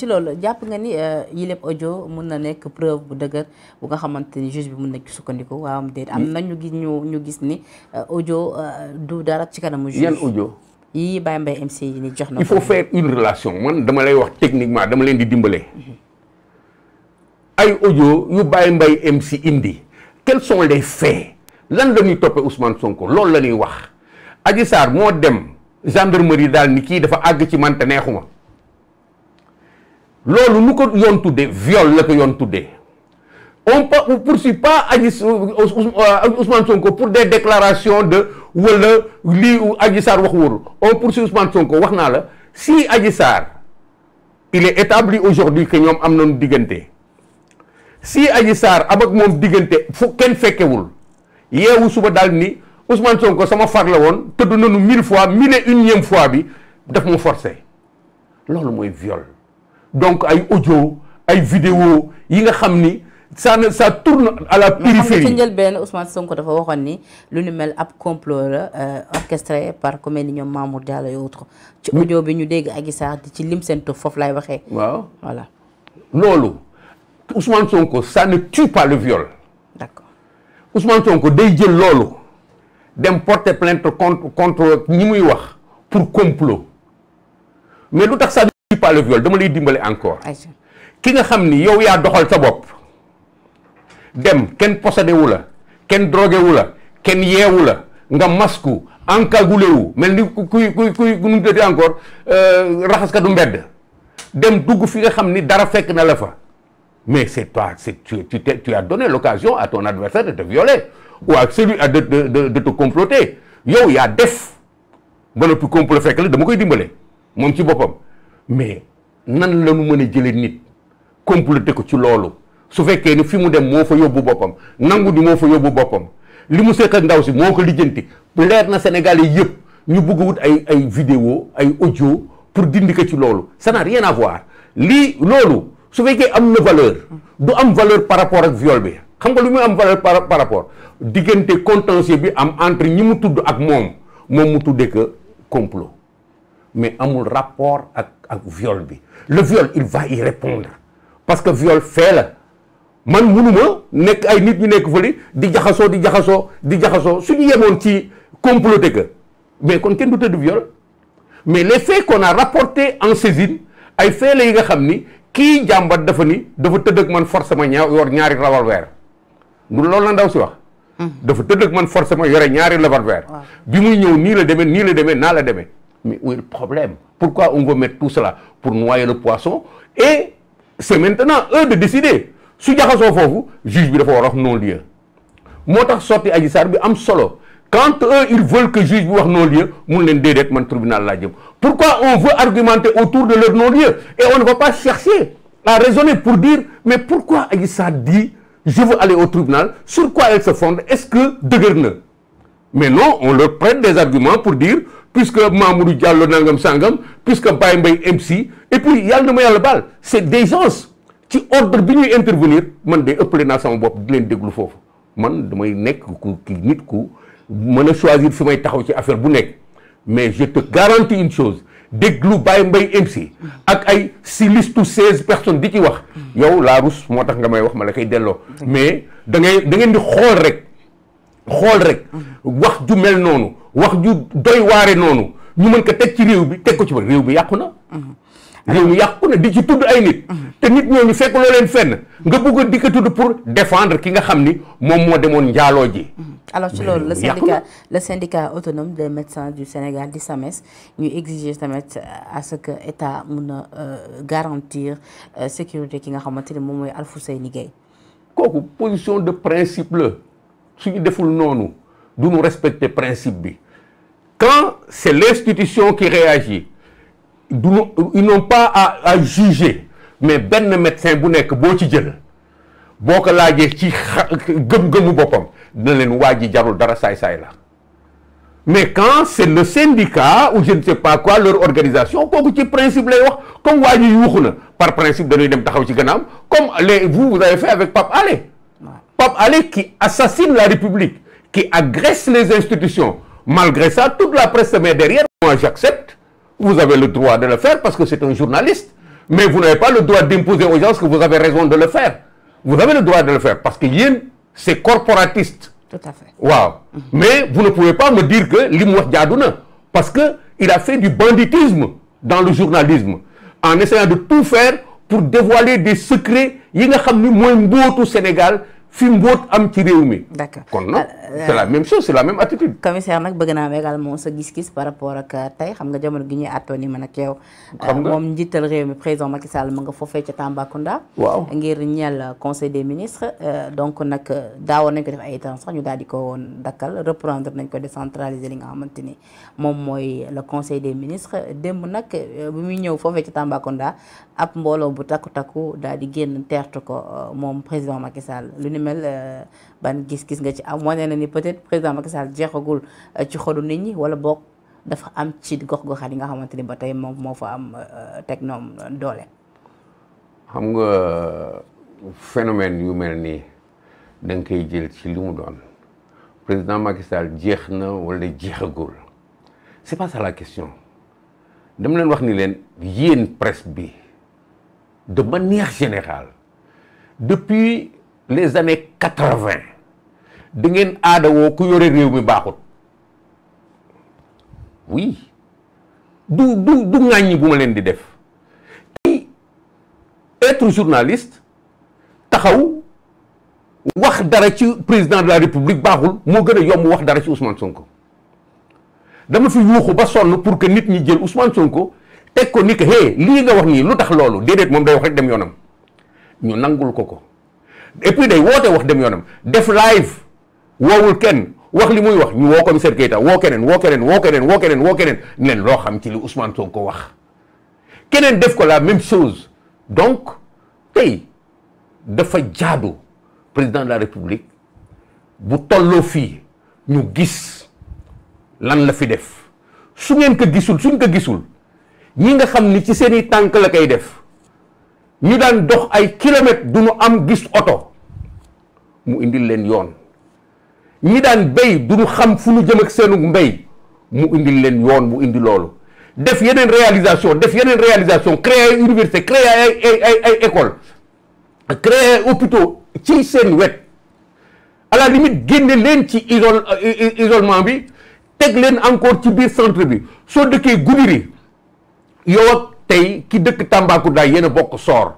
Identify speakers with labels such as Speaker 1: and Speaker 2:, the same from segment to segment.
Speaker 1: ci loolu jàpp nga ni euh, yi lépp audio mun na nekk preuve bu dëgër bu nga xamante ni juge bi mun na sukkandiku waaw am déet am mm. na ñu gis ñu ñu gis ni euh, audio euh, du dara ci kanamu juge yan audio yii Baye Mbaye MC yi ni jox na il faut
Speaker 2: faire une relation man dama lay wax techniquement dama leen di dimbale mm-hmm. ay audio yu Baye Mbaye MC indi quels sont les faits lan la ñuy toppee Ousmane Sonko loolu la ñuy wax Adji Sarr moo dem gendre gendarmerie daal ni kii dafa àgg ci man te neexuma loolu nu ko yoon tuddee viol la ko yoon tuddee on ne poursuit pas Adji euh, Ousmane Sonko pour des déclaration de wala lii Adji Sarr wax wóorul on poursuit Ousmane Sonko wax naa la si Adji Sarr il est établi aujourd'hui que ñoom am nañu diggante si Adji Sarr am ak moom diggante fu kenn fekkewul yeewu suba daal ni Ousmane Sonko sama far la woon tëdd nañu mille fois mille et unième fois bi daf mu forcé loolu mooy viol. donc ay audio ay vidéo yi nga xam ni ça ne ça tourne à la périphérie. ci
Speaker 1: njëlbeen Ousmane Sonko dafa waxoon ni lu ni mel ab complot la euh, orchestré par ku mel ni ñoom daal Diallo et autres ci audio bi ñu dégg ak Sarr di ci lim seen tur foofu laay waxee.
Speaker 2: waaw voilà. loolu Ousmane Sonko ça ne tue pas le viol. d'accord Ousmane Sonko day jël loolu dem porter plainte contre contre ñi muy wax pour complot mais lu tax pas le dama lay dimbale encore ki nga xam ni yow yaa doxal sa bopp dem kenn possédé la kenn drogué la kenn yeewu la nga masku encagoulé wu mel ni kuy kuy kuy nu mu tëddee encore euh, raxaskatu mbedd dem dugg fi nga xam ni dara fekk na la fa mais c'est toi c'est tu tu tu as donné l'occasion à ton adversaire de te violer ou à celui te comploter yow yaa def ba noppi complot fekk la dama koy dimbale moom ci boppam. mais nan la ñu mën a jëlee nit comploté ko ci loolu su fekkee ni fi mu dem moo fa yóbbu boppam nangu di moo fa yóbbu boppam li mu seq ndaw si moo ko lijjanti leer na Sénégal yi yëpp ñu bëgg wut ay ay vidéo ay audio pour dindi ko ci loolu ça n'a rien à lii loolu su fekkee am na valeur du am valeur par rapport ak viol bi xam nga lu muy am valeur par par rapport diggante contentieux bi am entre ñi mu tudd ak moom moom mu tuddee ko complot mais amul rapport ak ak viol bi le viol il va y répondre parce que viol fee la man munuma nekk ay nit ñu nekk fële di jaxasoo di jaxasoo di jaxasoo suñu yemoon ci comploté que mais kon kenn du tëdd viol mais les faits qu'on a rapportés en saisine ay faits la yi nga xam ni kii jàmbat dafa ni dafa tëdd ak man forcément ñaa yor ñaari revolver du loolu la ndaw si wax hmm. dafa tëdd ak man forcément yore ñaari revolver bi muy ñëw nii la demee nii la demee naa la demee Mais où est le problème Pourquoi on veut mettre tout cela pour noyer le poisson Et c'est maintenant eux de décider. su jaxasoo foofu juge bi dafa war wax non lieu moo tax sorti Adji bi am solo quand eux ils veulent que juge bi wax non lieu mun leen déedéet man tribunal la jëm pourquoi on veut argumenter autour de leur non lieu et on ne pour dire mais pourquoi Adji Sarr dit je veux aller au tribunal sur quoi elle se fonde est-ce que dëgër na mais non on des arguments pour dire puisque Mamoudou Diallo nangam sangam puisque Baye Mbaye MC et puis yàlla na ma yàlla baal c'est des gens ci ordre bi ñuy intervenir man de ëppale naa sama bopp di leen déglu foofu man damay nekk ku ki nit ku mën a choisir fi may taxaw ci affaire bu nekk mais je te garantis une chose déglu Baye mbay MC ak ay si listu seize personnes di ci wax yow laa rus moo tax nga may wax ma la koy delloo mais da ngay da ngeen di xool rek xool rek wax ju mel noonu wax ju doy waare noonu ñu mën ko teg ci réew bi teg ko ci ba réew bi yàqu na mm-hmm. réew mi yàqu na di ci tudd ay nit mm-hmm. te nit ñooñu fekk loo leen fenn nga bëgg a tudd pour defendre ki nga xam ni moom moo demoon njaaloo ji mm-hmm. alors ci loolu la syndicat
Speaker 1: le syndicat autonome des médecins du Sénégal di SAMES ñu exiger tamit euh, à ce que état mun a euh, garantir euh, sécurité ki nga xamante ni moom mooy Alfousseyni Gaye
Speaker 2: kooku position de principe suñu deful noonu du ñu respecter principe bi quand c'est l'institution ki réagit du ñu ils n'ont pas à à juger mais benn médecin bu nekk boo ci jël boo ko laajee ci gëm-gëmu boppam dina leen waa ji jarul dara saay-saay la mais quand c'est le syndicat ou je ne sais pas quoi leur organisation kooku ci principe lay wax comme waa ji yuuxu na par principe dañuy dem taxaw ci gannaam comme les vous vous avez fait avec Pape Alé Pape Alé qui assassine la République, qui agresse les institutions. Malgré ça, toute la presse se met derrière. Moi, j'accepte. Vous avez le droit de le faire parce que c'est un journaliste. Mais vous n'avez pas le droit d'imposer aux gens que vous avez raison de le faire. Vous avez le droit de le faire parce que Yin, c'est corporatiste. Tout à fait. Waouh. Mmh. Mais vous ne pouvez pas me dire que Limouach Diadouna, parce qu'il a fait du banditisme dans le journalisme, en essayant de tout faire pour dévoiler des secrets. Il y a tout Sénégal, fi mbóot am ci réew mi. d'accord kon nag euh, euh, commissaire nag bëgg naa am également sa
Speaker 1: gis-gis par rapport ak euh, tey xam nga jamono gi ñuy àttoo ni man ak yow. xam moom njiital réew mi président Macky Sall mu nga foofee ca Tambacounda. waaw ngir ñeel conseil des ministres. donc nag daawoon nañ ko def ay temps sax ñu daal di ko woon dakkal reprendre nañ ko décentraliser li nga xamante ni moom mooy le conseil des ministres démb nag bu muy ñëw foofee ca Tambacounda ab mbooloo bu takku takku daal di génn teertu ko moom président Macky Sall lu mel euh, ban gis-gis nga ci am wanee na ni peut-être président Macky jeexagul euh, ci xolu nit ñi wala boog dafa am ci gox-goxaan yi nga xamante ni ba tey moom moo fa am euh, teg ñoom doole.
Speaker 2: xam nga phénomène yu mel nii da koy jël ci li mu doon président Macky jeex na wala jeexagul c'est pas ça la question dama leen wax ni leen yéen presse bi de manière générale depuis. les années quatre-vingt di ngeen aadawoo ku yore réew mi baaxut oui du du du ŋàññi bu ma leen di def tey être journaliste taxaw wax dara ci président de la république baaxul moo gën a yomb wax dara ci Ousmane Sonko dama fi yuuxu ba sonn pour que nit ñi jël Ousmane Sonko teg ko ni que hé lii nga wax nii lu tax loolu déedéet moom day wax rek dem yoonam ñu nangul ko ko. et puis day woote wax dem yoonam def live woowul kenn wax li muy wax ñu woo commissaire Keita woo keneen woo keneen woo keneen woo keneen woo keneen leen loo xam ci li Ousmane ko wax keneen def ko la même chose donc tey dafa jaado président de la république bu tolloo fii ñu gis lan la fi def su ngeen ko gisul suñ ko gisul ñi nga xam ni ci seeni tànk la koy def ñu daan dox ay kilomètres du ñu am gis oto mu indil leen yoon ñi daan béy du ñu xam fu ñu jëm ak seenu mbéy mu indil leen yoon mu indi loolu def yeneen réalisation def yeneen réalisation créer ay université créer ay école créer ay hôpitaux ci seen wet à la limite génne leen ci isol euh, isolement bi teg leen encore ci biir centre bi soo dëkkee Goudiry yow ak tey ki dëkk Tambacounda yéen a bokk soor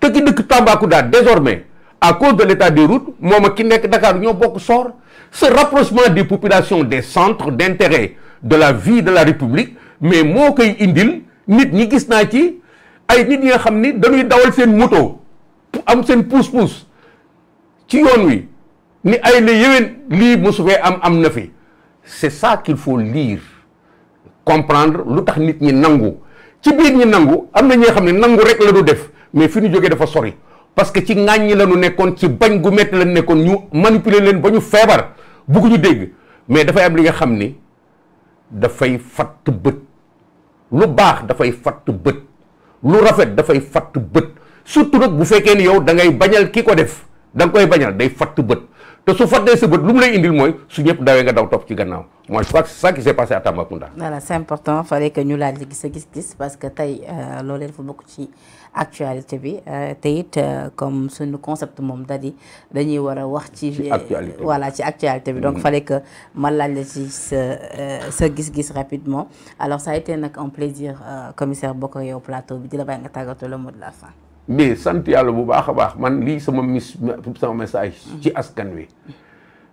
Speaker 2: te ki dëkk Tambacounda désormais à cause de l'état des routes moom ak ki nekk Dakar ñoo bokk soor ce rapprochement des population des centres d'intérêt de la vie de la République mais moo koy indil nit ñi gis naa ci ay nit ñi nga xam ni dañuy dawal seen moto am seen pousse-pousse ci yoon wi ni ay la yéwén lii mosu fee am am na fi c'est ça qu'il faut lire comprendre lu tax nit ñi nangu ci biir ñi nangu am na ñoo xam ne nangu rek la du def mais fi ñu jógee dafa sori parce que ci ŋàññi la ñu nekkoon ci bañ gu métti la nekkoon ñu manipuler leen ba ñu feebar bugguñu dégg mais dafay am li nga xam ni dafay fatt bët lu baax dafay fatt bët lu rafet dafay fatt bët surtout nag bu fekkee ni yow da ngay bañal ki ko def da nga koy bañal day fatt bët te su faddee sa bët lu mu lay indil mooy su ñëpp dawee nga daw topp ci gannaaw moi je crois
Speaker 1: que ñu laaj li gis a gis-gis parce que tey euh, loolee dafa bokk ci actualité bi euh, te it euh, comme suñu concept moom da di dañuy war a wax ci. ci actualité voilà ci actualité bi. donc mm. fallait que ma laaj la ci sa gis-gis rapidement alors sa a été nag un plaisir commissaire bokk yow plateau bi di la bàyyi nga tàggatoo le mot de la fin.
Speaker 2: mais sant yàlla bu baax a baax man lii sama mis sama message ci askan wi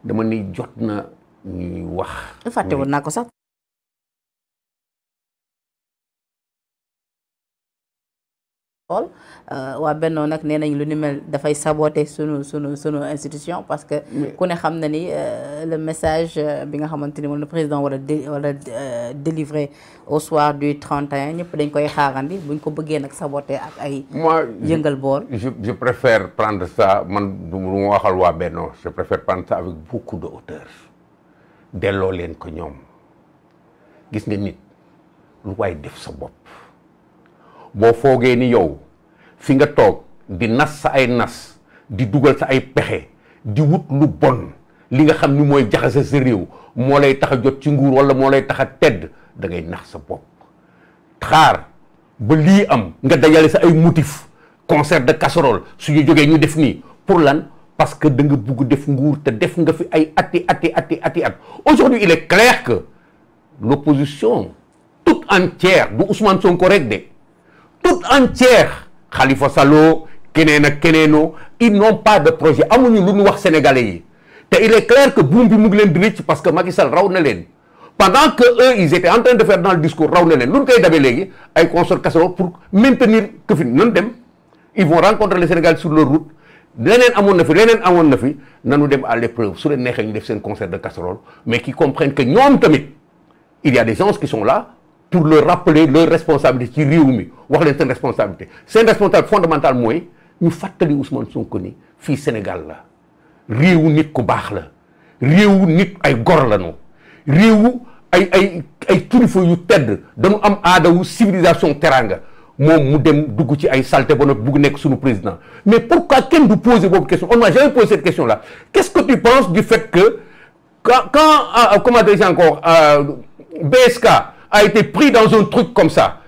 Speaker 2: dama ni jot na ñuy wax fàtte woon naa
Speaker 1: ko sax xool euh, waa bennoo nag nee nañ lu ni mel dafay saboter sunu sunu sunu institution parce que ku ne xam na ni euh, le message euh, bi nga xamante ni moom le président wala wala délivré au soir du 31 ñëpp dañ koy xaarandi buñ ko bëggee nag saboter ak ay yëngal
Speaker 2: bool je je préfère prendre ça man du ma waxal waa bennoo je préfère prendre ça avec beaucoup de hauteur delloo leen ko ñoom gis nga nit lu waay def sa bopp boo foogee ni yow fi nga toog di nas sa ay nas di dugal sa ay pexe di wut lu bon li nga xam ni mooy jaxase sa réew moo lay tax jot ci nguur wala moo lay tax a tedd da ngay nax sa bopp xaar ba lii am nga dajale sa ay motif concert de casserole suñu jógee ñu def nii pour lan parce que da nga def nguur te def nga fi ay ati ati ati ati at aujourd'hui il est clair que l'opposition toute entière du Ousmane Sonko rek de toute entière Khalifa Sall keneen ak keneenoo ils n'ont pas de projet amuñu lu ñu wax sénégalais yi te il est clair que buum bi mu ngi leen di rëcc parce que Macky Sall raw na leen pendant que eux ils étaient en train de faire dans le discours raw na leen lu ñu koy dabee léegi ay consort casserole pour maintenir que fi nanu dem ils vont rencontrer les Sénégalais sur leur route leneen amoon na fi leneen amoon na fi nanu dem à l'épreuve su leen neexee ñu def seen concert de casserole mais qui comprennent que ñoom tamit il y a des pour leur rappeler leur responsabilité ci réew mi wax leen seen responsabilité seen responsabilité fondamentale mooy ñu fàttali Ousmane Sonko ni fii Sénégal la réewu nit ku baax la réewu nit ay gor la ñu réewu ay ay kilifa yu tedd dañu am aada aadawu civilisation teranga moom mu dem dugg ci ay salté ba noppi bugg nekk suñu président mais pourquoi kenn du poser boobu question on m'a jamais posé cette question là qu'est-ce que tu penses du fait que quand quand euh, comment dirais-je encore euh, a été pris dans un truc comme ça.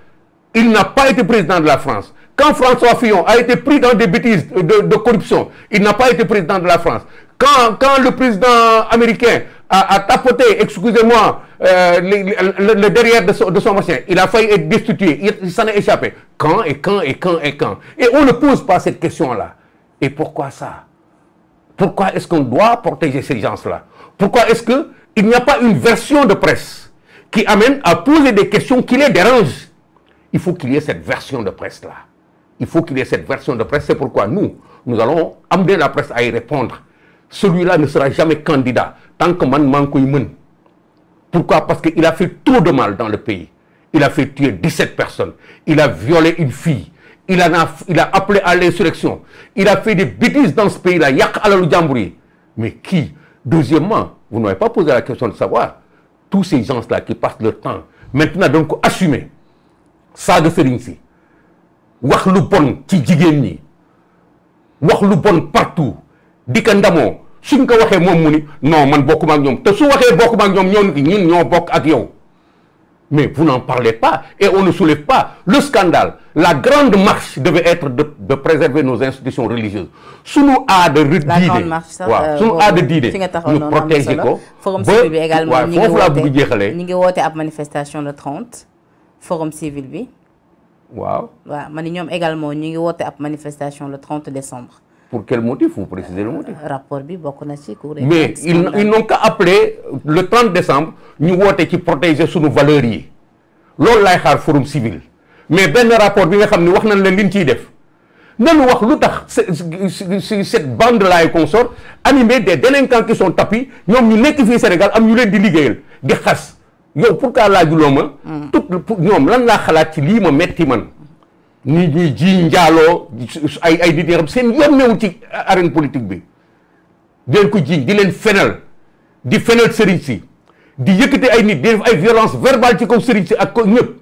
Speaker 2: Il n'a pas été président de la France. Quand François Fillon a été pris dans des bêtises de, de corruption, il n'a pas été président de la France. Quand, quand le président américain a, a tapoté, excusez-moi, euh, le, le, le, derrière de son, de son, machin, il a failli être destitué, il, il s'en est échappé. Quand et quand et quand et quand Et on ne pose pas cette question-là. Et pourquoi ça Pourquoi est-ce qu'on doit protéger ces gens-là Pourquoi est-ce qu'il n'y a pas une version de presse qui amène à poser des questions qui les dérangent. Il faut qu'il y ait cette version de presse-là. Il faut qu'il y ait cette version de presse. C'est pourquoi nous, nous allons amener la presse à y répondre. Celui-là ne sera jamais candidat tant que Man Mankouimen. Pourquoi Parce qu'il a fait trop de mal dans le pays. Il a fait tuer 17 personnes. Il a violé une fille. Il, a, il appelé à l'insurrection. Il a fait des bêtises dans ce pays-là. Yak Alalou Djambouri. Mais qui Deuxièmement, vous n'avez pas posé la question tous ces gens-là qui passent leur temps maintenant dañ ko assumer saaga sëriñ si wax lu bon ci jigéen ñi wax lu bon partout di ko ndamoo suñ ko waxee moom mu ni non man bokkuma ak ñoom te su waxee bokkuma ak ñoom ñoo ñun ñoo bokk ak yow Mais vous n'en parlez pas et on ne soulève pas le scandale. La grande marche devait être de, de préserver nos institutions religieuses. Sous a de grande marche sax waaw euh, a de diine ñu protéger ko. forum civil bi également ñi
Speaker 1: ngi woote ñi ab manifestation le 30. forum civil bi. waaw waaw man ñoom également ñi ngi woote ab manifestation le 30 décembre.
Speaker 2: pour quel motif vous précisez le motif.
Speaker 1: Euh, rapport bi bokk na ci mais ils ils
Speaker 2: n'ont qu'à appeler le 30 décembre ñu woote ci protéger sunu valeurs yi loolu laay xaar forum civil mais benn rapport bi nga xam ne wax nañ leen li ñu ciy def nañu wax lu tax cette bande là et consorts animée des délinquants qui son tapis ñoom ñu nekk fii Sénégal am ñu leen di liggéeyal di xas yow laa laajuloo ma. Mm. tout ñoom lan laa xalaat ci lii ma metti man. ni ñi ji njaaloo ay ay nit yoo xam seen yoon newul ci arène politique bi di leen ko jiiñ di leen fenal di fenal sëriñ si di yëkkate ay nit di ay violence verbale ci kaw sëriñ ak ko ñëpp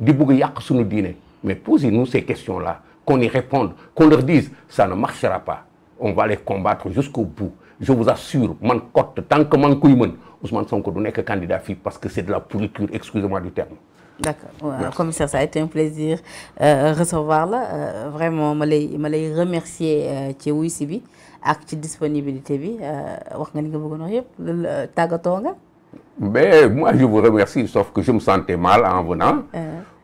Speaker 2: di bugg yàq suñu diine mais posez-nous ces questions là qu'on y réponde qu'on leur dise ça ne marchera pas on va les combattre jusqu'au bout je vous assure man cotte tant que man koy mën Ousmane Sonko du nekk candidat fii parce que c'est de la pourriture excusez du terme
Speaker 1: d'accord waaw commissaire ça a été un plaisir euh, recevoir la euh, vraiment ma lay remercier euh, ci wuy bi ak ci disponibilité bi wax nga ni nga bëggoon wax yëpp tàggatoo nga.
Speaker 2: mais moi je vous remercie sauf que je me sentais mal en venant.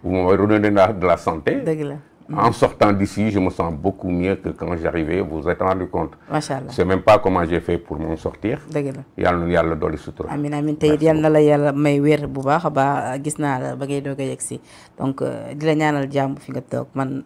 Speaker 2: vous m'avez redonné de la santé. la. En sortant d'ici, je me sens beaucoup mieux que quand j'arrivais. Vous vous êtes rendu compte. macha allah c'est même pas comment j'ai fait pour m'en sortir. dëgg na yàlla dolli sutura. amiin
Speaker 1: amiin tey yal yàlla may wér bu baax a baax gis naa ba ngay doog a yegg si donc euh, di la ñaanal jàmm fi nga toog man.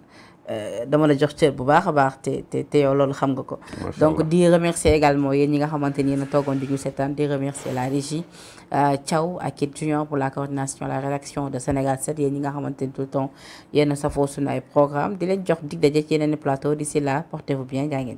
Speaker 1: Euh, dama la jox cër bu baax a baax te te te yow loolu xam nga ko donc di remercier également yéen ñi nga xamante ni yéen a toogoon di ñu seetaan di remercier la régie caw euh, ak Kit Junior pour la coordination la rédaction de Sénégal 7 yéen ñi nga xamante ni tout le temps yéen a safoo ay programme di leen jox dig daje ci yeneen plateau d'ici là portez-vous bien jaa ngeen